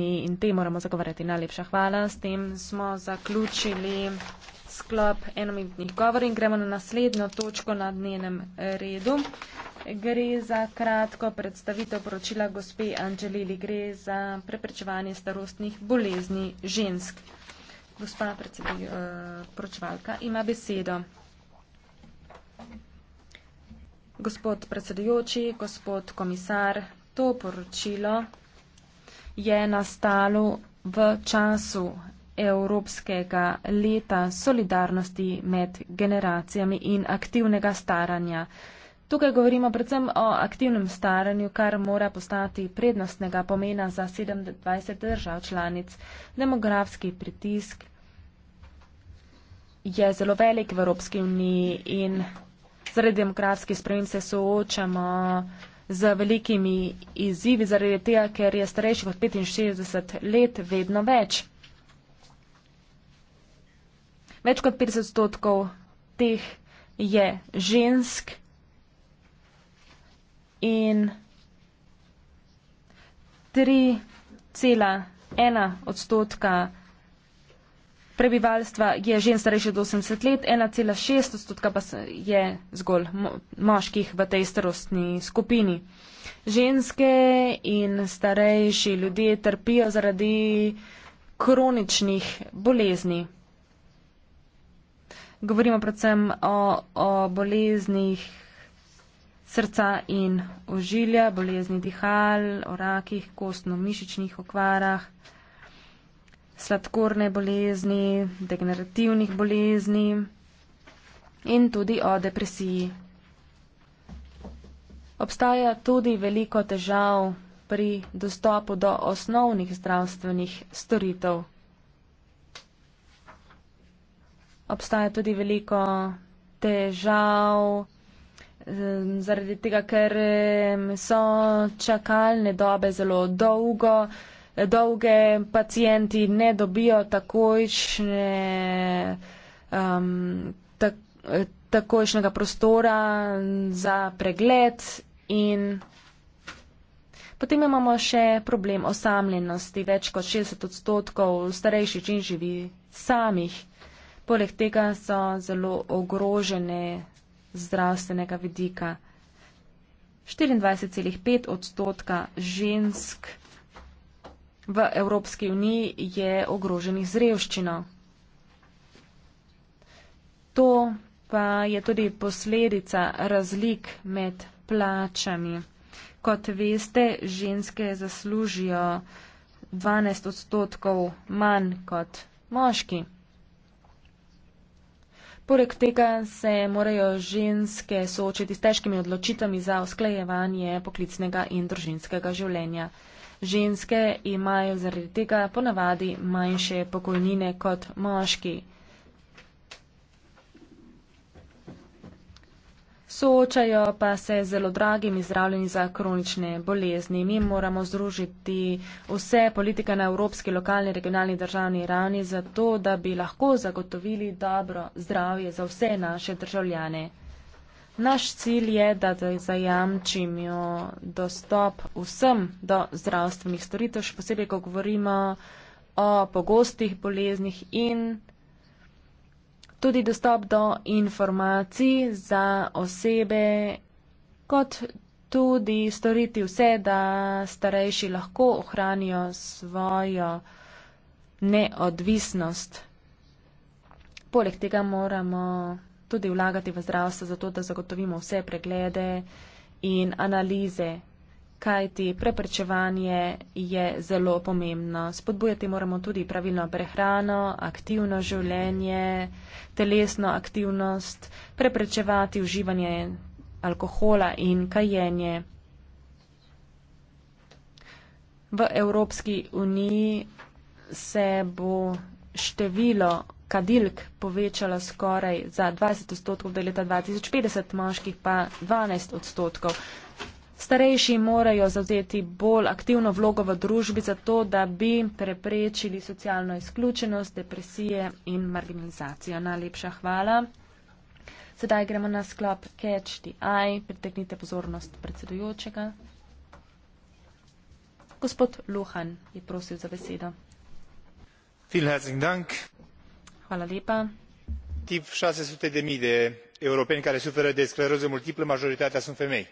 pomembni in te moramo zagovarjati. Najlepša hvala. S tem smo zaključili sklop enominutnih govor in gremo na naslednjo točko na dnevnem redu. Gre za kratko predstavitev poročila gospe Angelili. Gre za preprečevanje starostnih bolezni žensk. Gospa eh, poročevalka ima besedo. Gospod predsedujoči, gospod komisar, to poročilo je nastalo v času Evropskega leta solidarnosti med generacijami in aktivnega staranja. Tukaj govorimo predvsem o aktivnem staranju, kar mora postati prednostnega pomena za 27 držav članic. Demografski pritisk je zelo velik v Evropski uniji in zaradi demografskih sprememb se soočamo z velikimi izzivi, zaradi tega, ker je starejši od 65 let vedno več. Več kot 50 odstotkov teh je žensk in 3,1 odstotka žensk prebivalstva je žen starejše od 80 let, 1,6 odstotka pa je zgolj moških v tej starostni skupini. Ženske in starejši ljudje trpijo zaradi kroničnih bolezni. Govorimo predvsem o, o boleznih srca in ožilja, bolezni dihal, o rakih, kostno-mišičnih okvarah sladkorne bolezni, degenerativnih bolezni in tudi o depresiji. Obstaja tudi veliko težav pri dostopu do osnovnih zdravstvenih storitev. Obstaja tudi veliko težav ehm, zaradi tega, ker ehm, so čakalne dobe zelo dolgo dolge, pacijenti ne dobijo takojšnje, um, tak, takojšnjega prostora za pregled in potem imamo še problem osamljenosti. Več kot 60 odstotkov starejših in živi samih. Poleg tega so zelo ogrožene zdravstvenega vidika. 24,5 odstotka žensk v Evropski uniji je ogroženih z revščino. To pa je tudi posledica razlik med plačami. Kot veste, ženske zaslužijo 12 odstotkov manj kot moški. Poleg tega se morajo ženske soočiti s težkimi odločitami za usklejevanje poklicnega in družinskega življenja. Ženske imajo zaradi tega ponavadi manjše pokojnine kot moški. Soočajo pa se zelo dragimi zdravljeni za kronične bolezni. Mi moramo združiti vse politike na evropski, lokalni, regionalni, državni ravni, zato da bi lahko zagotovili dobro zdravje za vse naše državljane. Naš cilj je, da zajamčimo dostop vsem do zdravstvenih storitev, še posebej, ko govorimo o pogostih boleznih in tudi dostop do informacij za osebe, kot tudi storiti vse, da starejši lahko ohranijo svojo neodvisnost. Poleg tega moramo tudi vlagati v zdravstvo, zato da zagotovimo vse preglede in analize, kajti preprečevanje je zelo pomembno. Spodbujati moramo tudi pravilno prehrano, aktivno življenje, telesno aktivnost, preprečevati uživanje alkohola in kajenje. V Evropski uniji se bo število kadilk povečala skoraj za 20 odstotkov do leta 2050, moških pa 12 odstotkov. Starejši morajo zavzeti bolj aktivno vlogo v družbi za to, da bi preprečili socialno izključenost, depresije in marginalizacijo. Najlepša hvala. Sedaj gremo na sklop Catch the Eye. Priteknite pozornost predsedujočega. Gospod Luhan je prosil za besedo. Vielen herzlichen Dank tip șase sute de mii de europeni care suferă de scleroză multiplă majoritatea sunt femei.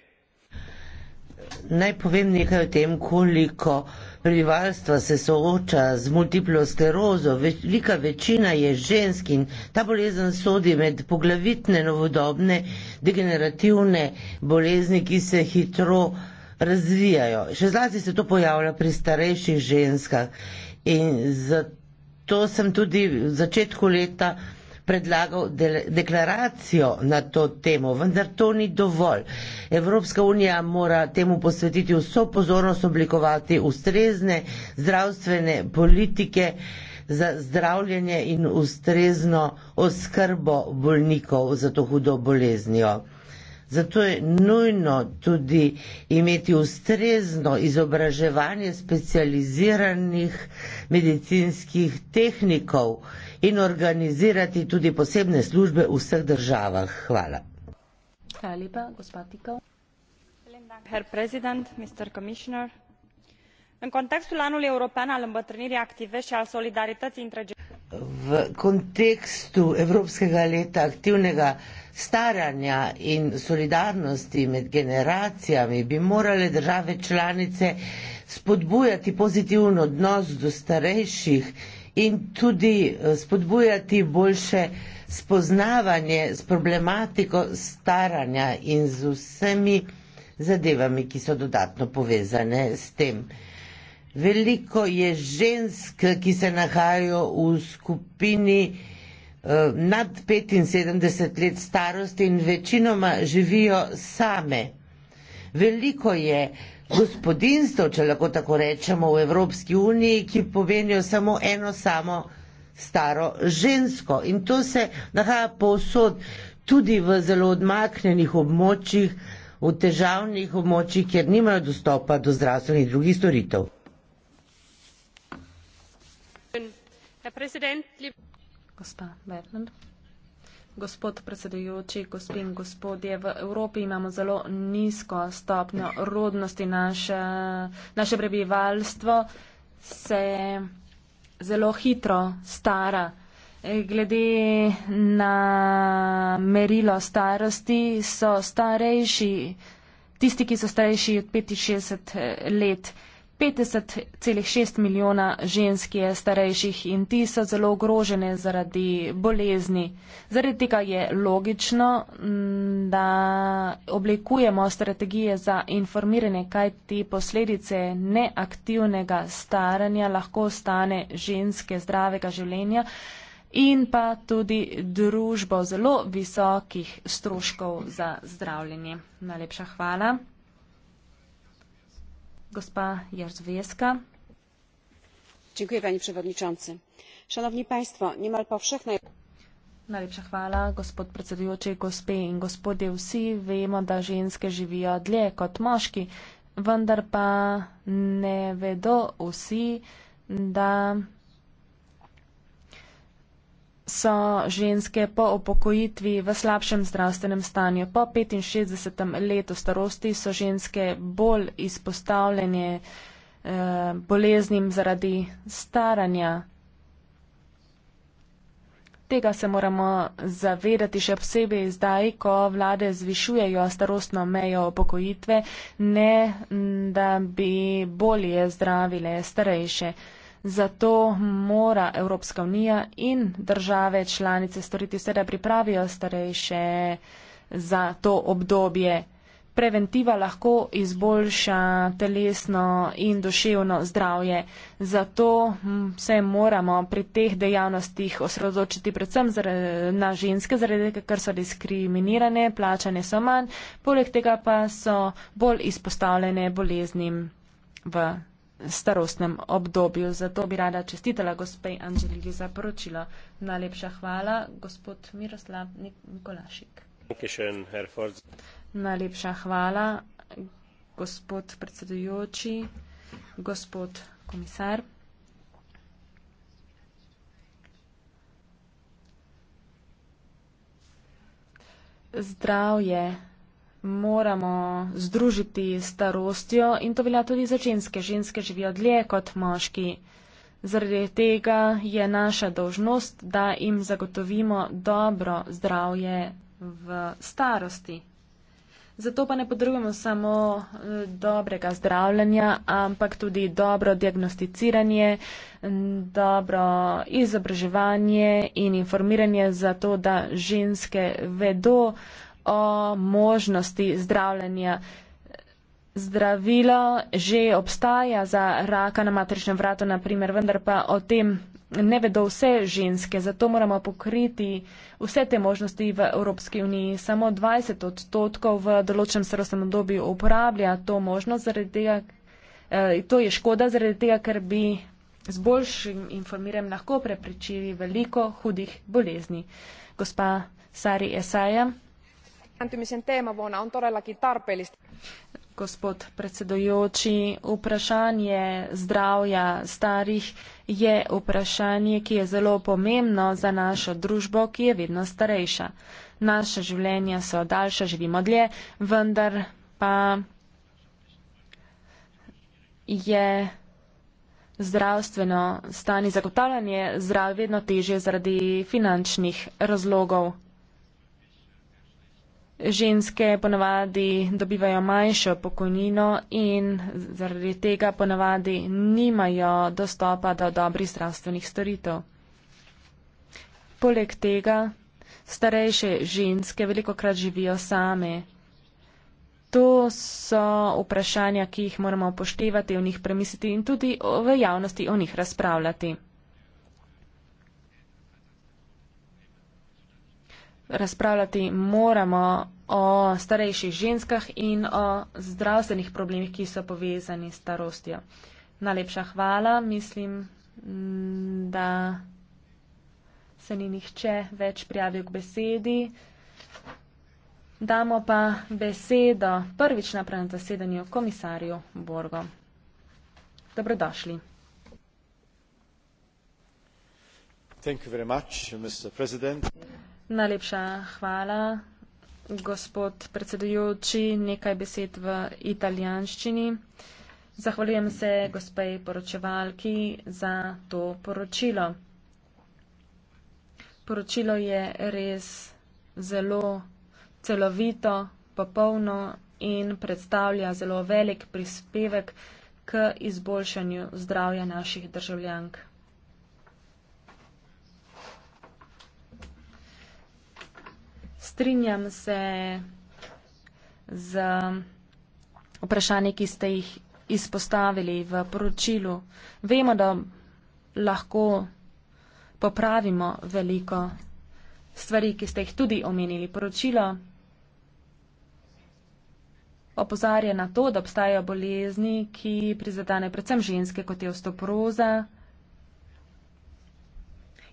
Najpomembnejše v tem, koliko prebivalstva se sooča z multiplo sklerozo, velika večina je žensk in ta bolezen sodi med poglavitne novodobne degenerativne bolezni, ki se hitro razvijajo. Še zlasti se to pojavlja pri starejših ženskah in zato zato sem tudi v začetku leta predlagal deklaracijo na to temo, vendar to ni dovolj. Evropska unija mora temu posvetiti vso pozornost, oblikovati ustrezne zdravstvene politike za zdravljenje in ustrezno oskrbo bolnikov za to hudo boleznijo. Zato je nujno tudi imeti ustrezno izobraževanje specializiranih medicinskih tehnikov in organizirati tudi posebne službe v vseh državah. Hvala. Hvala lepa, gospod Tikov. Herr Präsident, Mr. Commissioner. În contextul anului european al îmbătrânirii active și al solidarității între generații, v kontekstu Evropskega leta aktivnega staranja in solidarnosti med generacijami bi morale države članice spodbujati pozitiven odnos do starejših in tudi eh, spodbujati boljše spoznavanje s problematiko staranja in z vsemi zadevami, ki so dodatno povezane s tem veliko je žensk, ki se nahajajo v skupini eh, nad 75 let starosti in večinoma živijo same. Veliko je gospodinstv, če lahko tako rečemo, v Evropski uniji, ki pomenijo samo eno samo staro žensko. In to se nahaja povsod, tudi v zelo odmaknenih območjih, v težavnih območjih, kjer nimajo dostopa do zdravstvenih drugih storitev. gospa predsedujoča, gospe in gospodje, v Evropi imamo zaostanek za razvojem tehnologij, ki so pomembne za naše podjetje. Gospod predsedujoči, gospe in gospodje, v Evropi imamo zelo nizko stopnjo rodnosti naše, naše prebivalstvo se zelo hitro stara. E, glede na merilo starosti so starejši, tisti, ki so starejši od 65 e, let. 50,6 milijona žensk je starejših in ti so zelo ogrožene zaradi bolezni. Zaradi tega je logično, mm, da oblikujemo strategije za informiranje, kaj ti posledice neaktivnega staranja lahko stane ženske zdravega življenja in pa tudi družbo zelo visokih stroškov za zdravljenje. Najlepša hvala pani przewodnicząca! niemal powszechna jest. najlepša hvala gospod predsedujoči gospe in gospodje vsi vemo da ženske živijo dlje kot moški vendar pa ne vedo vsi da so ženske po upokojitvi v slabšem zdravstvenem stanju. Po 65. letu starosti so ženske bolj izpostavljene eh, boleznim zaradi staranja. Tega se moramo zavedati še posebej zdaj, ko vlade zvišujejo starostno mejo upokojitve, ne da bi bolje zdravile starejše. Zato mora Evropska unija in države članice storiti vse, da pripravijo starejše za to obdobje. Preventiva lahko izboljša telesno in duševno zdravje. Zato hm, se moramo pri teh dejavnostih osredotočiti predvsem na ženske, zaradi tega, ker so diskriminirane, plačane so manj, poleg tega pa so bolj izpostavljene boleznim v starostnem obdobju. Zato bi rada čestitela gospej Angeliki za poročilo. Najlepša hvala, gospod Miroslav Nikolašik. Najlepša hvala, gospod predsedujoči, gospod komisar. Zdravje moramo združiti s starostjo in to velja tudi za ženske. Ženske živijo dlje kot moški. Zaradi tega je naša dožnost, da jim zagotovimo dobro zdravje v starosti. Zato pa ne podrugamo samo eh, dobrega zdravljanja, ampak tudi dobro diagnosticiranje, dobro izobraževanje in informiranje za to, da ženske vedo, o možnosti zdravljenja. Zdravilo že obstaja za raka na materničnem vratu, naprimer, vendar pa o tem ne vedo vse ženske, zato moramo pokriti vse te možnosti v Evropski uniji. Samo 20 odstotkov v določenem starostnem obdobju uporablja to možnost, zaradi tega, eh, to je škoda, zaradi tega, ker bi z boljšim informiranjem lahko preprečili veliko hudih bolezni. Gospa Sari Esaja lisääntymisen teemavuonna on todellakin tarpeellista. Gospod predsedujoči, vprašanje zdravja starih je vprašanje, ki je zelo pomembno za našo družbo, ki je vedno starejša. Naše življenja so daljša, živimo dlje, vendar pa je zdravstveno stanje zagotavljanje zdrav vedno težje zaradi finančnih razlogov. Ženske ponavadi dobivajo manjšo pokojnino in zaradi tega ponavadi nimajo dostopa do dobrih zdravstvenih storitev. Poleg tega starejše ženske veliko krat živijo same. To so vprašanja, ki jih moramo upoštevati, o njih premisliti in tudi v javnosti o njih razpravljati. razpravljati moramo o starejših ženskah in o zdravstvenih problemih, ki so povezani s starostjo. Najlepša hvala, mislim, mm, da se ni nihče več prijavil k besedi. Damo pa besedo prvič naprej na zasedanju komisarju Borgo. Dobrodošli. Thank you very much, Mr. President. Najlepša hvala, gospod predsedujoči. Nekaj besed v italijanščini. Zahvaljujem se gospej poročevalki za to poročilo. Poročilo je res zelo celovito, popolno in predstavlja zelo velik prispevek k izboljšanju zdravja naših državljank. strinjam se z vprašanji, ki ste jih izpostavili v poročilu. Vemo, da lahko popravimo veliko stvari, ki ste jih tudi omenili. Poročilo opozarja na to, da obstajajo bolezni, ki prizadane predvsem ženske, kot je ostoproza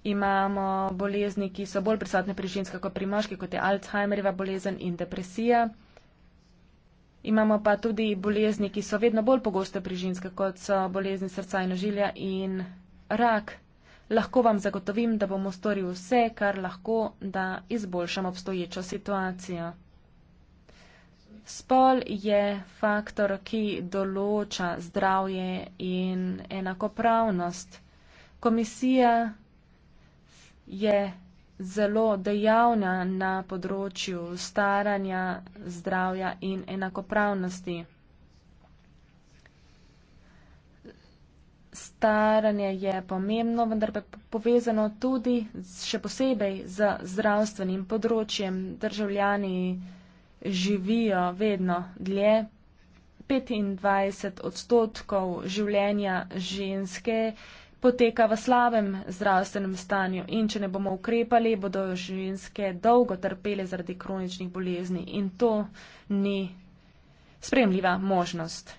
imamo bolezni, ki so bolj prisotne pri ženskah kot pri moških, kot je Alzheimerjeva bolezen in depresija. Imamo pa tudi bolezni, ki so vedno bolj pogoste pri ženskah, kot so bolezni srca in ožilja in rak. Lahko vam zagotovim, da bomo storili vse, kar lahko, da izboljšamo obstoječo situacijo. Spol je faktor, ki določa zdravje in enakopravnost. Komisija je zelo dejavna na področju staranja, zdravja in enakopravnosti. Staranje je pomembno, vendar pa je povezano tudi še posebej z zdravstvenim področjem. Državljani živijo vedno dlje. 25 odstotkov življenja ženske poteka v slabem zdravstvenem stanju in če ne bomo ukrepali, bodo ženske dolgo trpele zaradi kroničnih bolezni in to ni sprejemljiva možnost.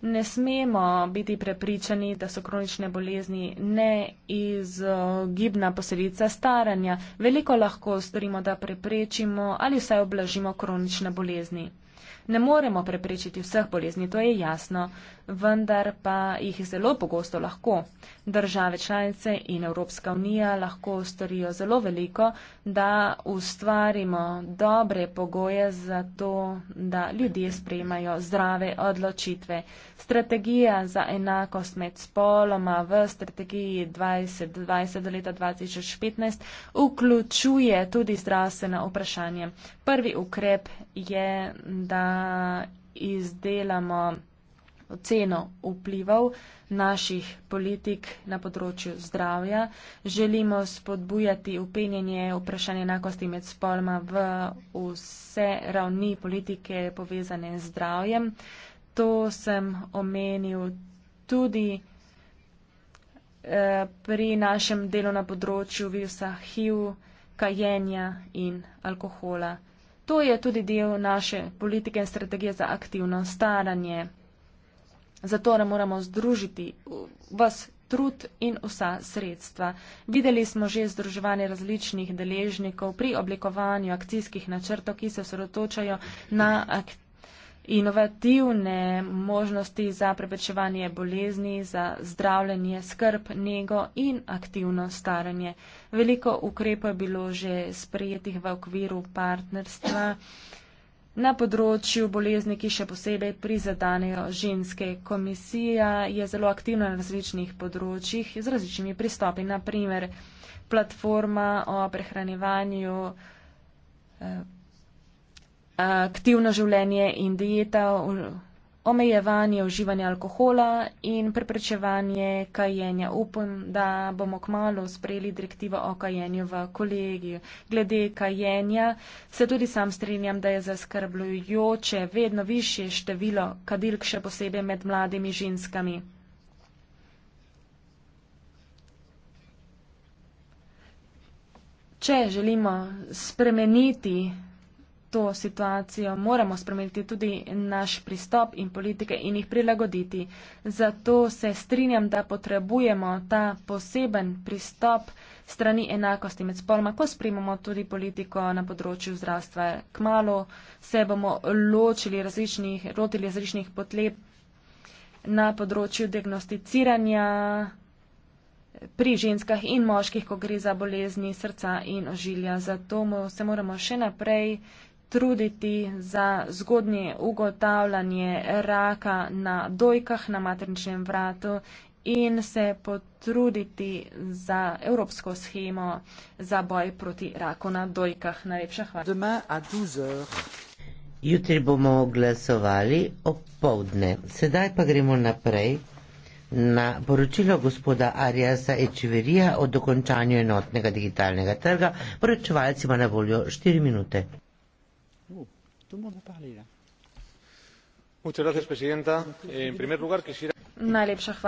Ne smemo biti prepričani, da so kronične bolezni neizogibna posledica staranja. Veliko lahko storimo, da preprečimo ali vsaj oblažimo kronične bolezni. Ne moremo preprečiti vseh bolezni, to je jasno, vendar pa jih zelo pogosto lahko. Države članice in Evropska unija lahko storijo zelo veliko, da ustvarimo dobre pogoje za to, da ljudje sprejmajo zdrave odločitve. Strategija za enakost med spoloma v strategiji 2020 do leta 2015 vključuje tudi zdravstvena vprašanja. Prvi ukrep je, da izdelamo oceno vplivov naših politik na področju zdravja. Želimo spodbujati upenjanje vprašanja enakosti med spoloma v vse ravni politike povezane z zdravjem to sem omenil tudi eh, pri našem delu na področju virusa HIV, kajenja in alkohola. To je tudi del naše politike in strategije za aktivno staranje. Zato ne moramo združiti vas trud in vsa sredstva. Videli smo že združevanje različnih deležnikov pri oblikovanju akcijskih načrtov, ki se osredotočajo na aktivnost inovativne možnosti za preprečevanje bolezni, za zdravljenje, skrb, nego in aktivno staranje. Veliko ukrepov je bilo že sprejetih v okviru partnerstva na področju bolezni, ki še posebej prizadanejo ženske. Komisija je zelo aktivna na različnih področjih z različnimi pristopi, naprimer platforma o prehranjevanju. Eh, aktivno življenje in dieta, omejevanje uživanja alkohola in preprečevanje kajenja. Upam, da bomo kmalo sprejeli direktivo o kajenju v kolegiju. Glede kajenja se tudi sam strinjam, da je zaskrbljujoče vedno više število kadilk, še posebej med mladimi ženskami. Če želimo spremeniti to situacijo, moramo spremeniti tudi naš pristop in politike in jih prilagoditi. Zato se strinjam, da potrebujemo ta poseben pristop strani enakosti med spoloma, ko sprememo tudi politiko na področju zdravstva. Kmalo se bomo ločili različnih, rotili različnih potleb na področju diagnosticiranja pri ženskah in moških, ko gre za bolezni srca in ožilja. Zato se moramo še naprej truditi za zgodnje ugotavljanje raka na dojkah na materničnem vratu in se potruditi za evropsko schemo za boj proti raku na dojkah. Najlepša hvala. Jutri bomo glasovali ob povdne. Sedaj pa gremo naprej na poročilo gospoda Arijasa Ečeverija o dokončanju enotnega digitalnega trga. Poročevalci ima na voljo 4 minute. Oh, Najlepša hvala.